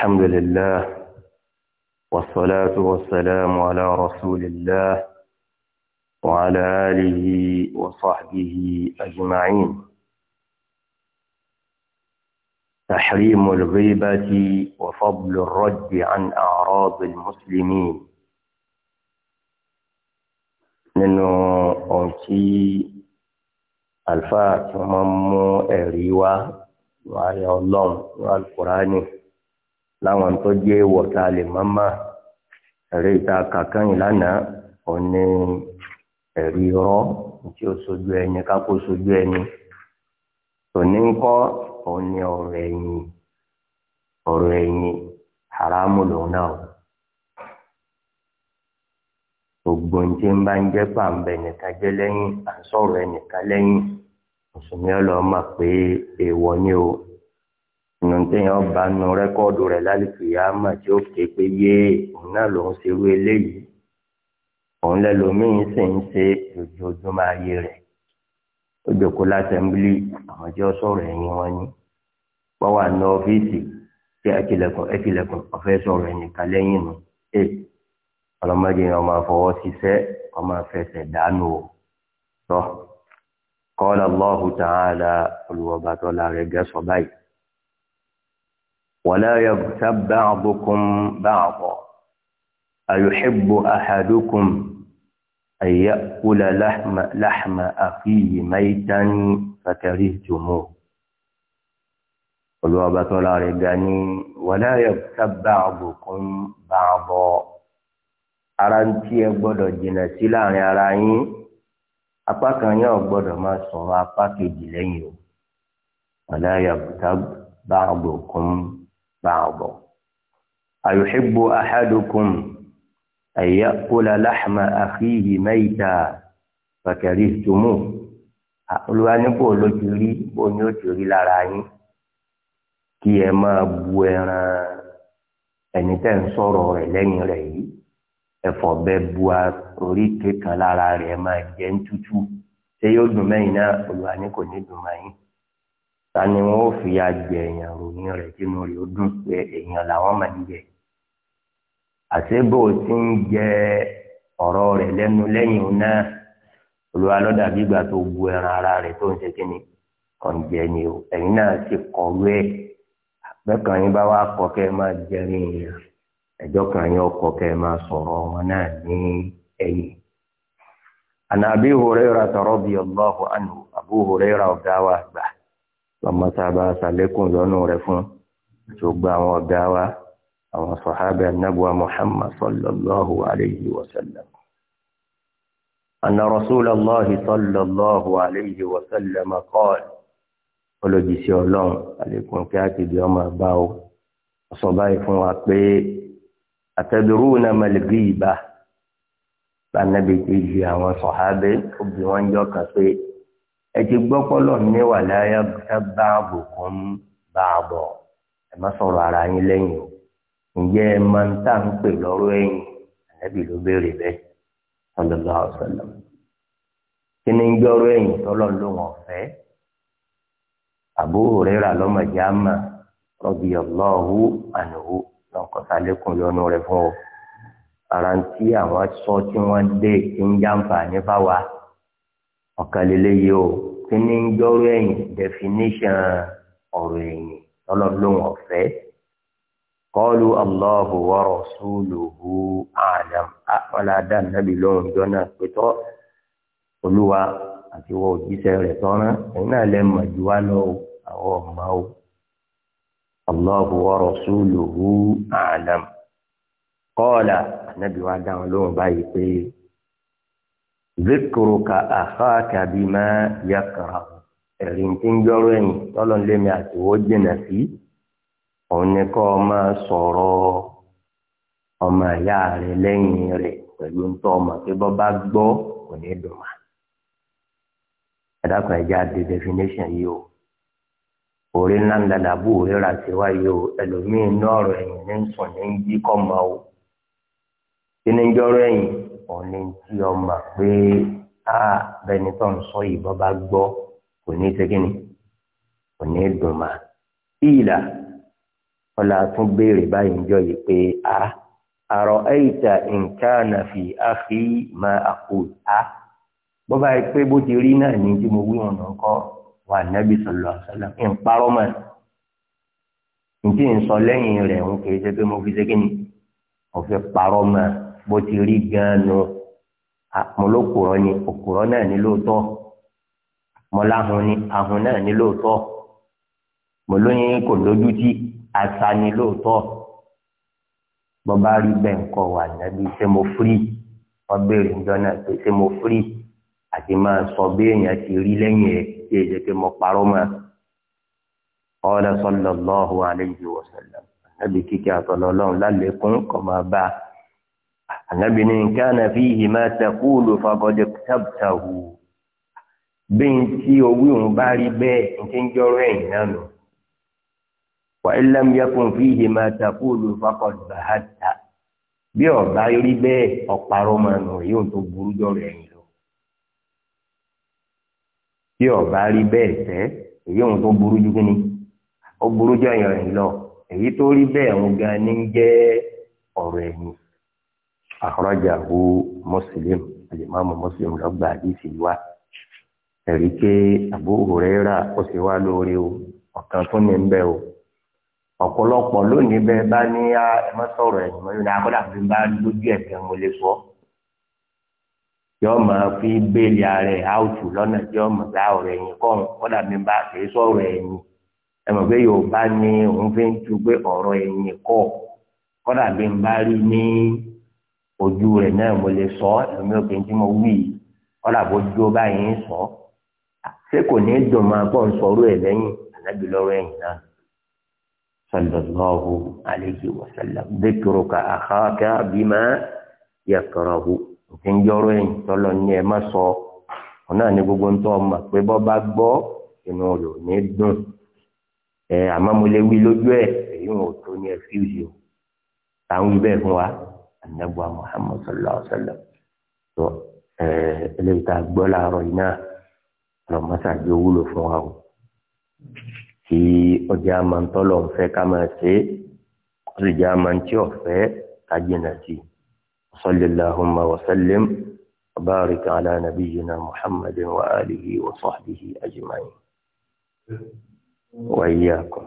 الحمد لله والصلاة والسلام على رسول الله وعلى آله وصحبه أجمعين تحريم الغيبة وفضل الرد عن أعراض المسلمين منه ohun tí ممو tí wọn الله وعلى القرآن láwọn tó jẹ́ wọ̀ta lè mọ́mọ́ ẹ̀rí ìta kàkányìn lánàá òní ẹ̀rí rọ́ tí ó sojú ẹni kákó sojú ẹni tòní ń kọ́ òní ọ̀rọ̀ ẹ̀yìn ọ̀rọ̀ ẹ̀yìn haramu lòun náà gbogbo ní tí ń bá ń jẹ́ pàǹbẹ̀ nìkan jẹ́ lẹ́yìn à ẹnìkan lẹ́yìn mùsùlùmí ọlọ́mọ pé èèwọ̀ ni o téèyàn bá nu rẹ́kọ́ọ̀dù rẹ̀ lálùkìyàmà tí ó ké pé yé òun náà lòún ṣerú eléyìí òun lẹ́lòmíín sì ń ṣe ojoojúmọ́ ayé rẹ̀ ó jòkó lásẹ̀mbílì àwọn sọ̀rọ̀ ẹ̀yìn wọn ni wọ́n wà ní ọ́fíìsì tí ẹ̀kìlẹ̀kùn ẹ̀kìlẹ̀kùn ọ̀fẹ́ sọ̀rọ̀ ẹ̀yìn nù ẹ̀ ọlọ́mọdé yẹn ọmọ ṣiṣẹ́ ọmọ o sọ rẹ̀ gẹ́sọ̀ báyìí. ولا يغتب بعضكم بعضا أيحب أحدكم أن يأكل لحم, لحم أخيه ميتا فكرهتموه Olúwa ọba tó lára ga ní wala yaghtab ba'dukum ba'da ara ń tí ẹ gbọ́dọ̀ jìnà sí láàrin ara yín apá kan yẹn ò gbọ́dọ̀ máa sọ̀rọ̀ apá kejì lẹ́yìn o wala yaghtab ba'dukum بعضه. أيحب أحدكم أن يأكل لحم أخيه ميتا فكرهتموه Olúwa ní kò ló ti rí bó ni ó ti rí lára yín kí ẹ máa bu ẹran ẹni tẹ́ ń sọ̀rọ̀ rẹ̀ lẹ́yìn rẹ̀ yìí ẹ̀fọ́ bẹ bu orí kékan lára rẹ̀ máa jẹ́ ń tútù ṣé yóò dùn mẹ́yìn náà Olúwa kò ní dùn mọ́ ta ni wọn ò fi àjẹ èèyàn ròyìn rẹ̀ sínú rẹ̀ ó dùn pé èèyàn làwọn máa ń jẹ àṣebò tí ń jẹ ọ̀rọ̀ rẹ̀ lẹ́nu lẹ́yìn o náà olùwà lọ́dà gbígbà tó bu ẹran ara rẹ̀ tó ń ṣe kí ni kọ̀ǹjẹ ni o ẹ̀yin náà ti kọ̀wé ẹ̀ bẹ́ẹ̀kan yín bá wá kọ́ kẹ́ ẹ máa jẹrin èèyàn ẹjọ́ kan yín ọkọ̀ kẹ́ ẹ máa sọ̀rọ̀ wọn náà ní ẹ̀yìn. àná Abi Hurairah radiyallahu anhu Abu Hurairah ọ̀gá wa gbà lọ́mọ́sábà sàlékún lọ́nù rẹ̀ fún gbogbo àwọn ọ̀gá wa àwọn sọ̀hábẹ̀ anábùwà muhammad sallallahu alayhi wa sallam. anna rasulallah sallallahu alayhi wa sallam qala olójúṣe ọlọ́run àlékún kí á ti di ọmọ àgbà o sọ báyìí fún wa pé atadruna mal ghiba bá nàbẹ̀ kejì àwọn sọ̀hábẹ̀ ó bí jọ kàn pé ẹ ti gbọ́ pọ́lọ̀ ní wà láyà bá àbùkù ń bá a bọ̀ ẹ má sọ̀rọ̀ ara yín lẹ́yìn o ǹjẹ́ ẹ máa ń tà ń pè lọ́rọ̀ ẹ̀yìn ànábì ló béèrè bẹ́ẹ̀ sallallahu alaihi wasallam kí ni ń gbọ́rọ̀ ẹ̀yìn tọ́lọ̀ ló wọ̀n fẹ́ Abu Hurairah lọ́mọdé àmà radiyallahu anhu lọ́kọ̀tàlẹ́kùn lọ́nu rẹ̀ fún ọ ara tí àwọn sọ tí wọ́n dé ti ń jàǹfà nípa ọ̀kàlélẹ́ yìí o kí ni ń jọ́rọ̀ ẹ̀yìn definition ọ̀rọ̀ ẹ̀yìn ọlọ́lọ́hún ọ̀fẹ́ kọ́lu allahu wa rasuluhu alam akpala adam nabi lóhùn jọ́nà pétọ́ olúwa àti wọ́n òjíṣẹ́ rẹ̀ tọ́ná ẹ̀yin náà lẹ́ mọ̀ jù wá allahu wa rasuluhu alam kọ́ọ̀là anabi wa dáhùn lóhùn báyìí pé zikruka akhaka bima yakra ẹ̀rìn tí ń jọ́rọ̀ ẹ̀yìn tọ́lọ́nlémi àtiwọ́ jìnà sí òun ni kọ́ ọ máa sọ̀rọ̀ ọmọ ìyá rẹ lẹ́yìn rẹ pẹ̀lú ń tọ́ ọmọ pé bọ́ gbọ́ kò ní dùn ẹ̀dàkùn ẹ̀já di definition yìí o òrè ńlá ńlá làbú òrè rà sí yìí o ẹlòmíín náà ọ̀rọ̀ ẹ̀yìn ní sùn ní jí kọ́ mọ́ o kí ni ń jọ́rọ̀ ẹ̀yìn ọ̀nì tí ọ mà pé a bẹni tó ń sọ yìí bọ́ bá gbọ́ kò ní ṣe kíni kò ní dùn mà ìlà ọ̀là tún béèrè báyìí ń jọ yìí pé a àrọ̀ ẹ̀yìtà nǹkan àfi àfi máa àpò a bọ́ báyìí pé bó ti rí náà ní tí mo wí wọn náà wà nábì sallallahu alaihi ń parọ́ mọ́ ní tí ń sọ lẹ́yìn rẹ̀ ń kéde pé mo fi ṣe kíni mo fi parọ́ mọ́ bó ti rí gan-an nu mo ló kùrọ̀ ni òkùrọ̀ náà ní lóòótọ́ mo láhùn ni ahùn náà ní lóòótọ́ mo lóyún kò lójútì àṣà ní lóòótọ́ bọ́bá rí bẹ́ẹ̀ nǹkan wà nábì ṣé mo firi wọ́n béèrè ńjọ́ náà pé ṣé mo firi àti máa sọ bí èèyàn ti rí lẹ́yìn ẹ̀ tí èyí pé mo parọ́ mọ́ ọ̀rẹ́ sallallahu alayhi wa sallam àbí kíkẹ́ àtọ̀lọ́lọ́run lálẹ́kùn kọ́ máa bá a. ànábì ní kánà fíhì máa taqulu faqad iktabtahu bẹ́ẹ̀ tí owó òun bá rí bẹ́ẹ̀ ní ń jọrọ ẹ̀yìn wa illam yakun fíhì máa taqulu faqad bahatta bẹ́ẹ̀ ọ̀parọ́ máa nù yóò tó burú jọrọ ẹ̀yìn lọ bí ọba bẹ́ẹ̀ tẹ́ èyí òun tó àkọ́rọ́jàhu mùsùlùm alimami mùsùlùm lọ gba àdìsí wa ẹ̀rí pé Abu Huraira ó sì wá lórí o ọ̀kan tó ní bẹ́ẹ̀ o ọ̀pọ̀lọpọ̀ lónìí bẹ́ẹ̀ bá ní á ẹ má sọ̀rọ̀ ẹ̀yìn mọ́ yóò akọ́dà fi bá lójú ẹ̀fẹ̀ mo lè sọ yọ máa fi béèlì ara ẹ̀ áùtù lọ́nà tí yọ máa gba ọ̀rọ̀ ẹ̀yìn kọ́ ọ̀dà mi bá kì sọ̀rọ̀ ẹ̀yìn ẹ mọ̀ pé Yorùbá ní òun fi ń tu pé ọ̀rọ̀ ẹ̀yìn kọ́ ọ̀dà mi bá rí ní ojú rẹ̀ náà mo lè sọ ẹ̀mí òkè tí mo wí ọ̀là bó dúró báyìí ń sọ ṣé kò ní dùn máa bọ̀ ń sọrú ẹ̀ lẹ́yìn ànábì lọ́rọ̀ ẹ̀yìn náà sallallahu alayhi wa sallam dhikruka akhaka bima yakrahu òfin jọrọ ẹ̀yìn tọ́lọ ní ẹ má sọ ọ náà ní gbogbo ń ọmọ pé bọ́ bá gbọ́ inú rẹ̀ ní dùn ẹ àmọ́ mo lè wí lójú ẹ̀ èyí ò tó ní ẹ fíìsì o táwọn ibẹ̀ fún wa anabuwa muhammad sallallahu alaihi wa sallam tó eh, eléyìí tá a gbọ́ láàárọ̀ yìí náà lọ́mọ́sàájú wúlò fún wa o tí ọjà máa ń tọ́lọ̀ ń fẹ́ ká máa ṣe é ó sì jẹ́ àmà tí ò fẹ́ ká jìnà sí i sallallahu wa sallim wa barik ala nabiyyina muhammadin wa alihi wa sahbihi ajma'in wa iyyakum.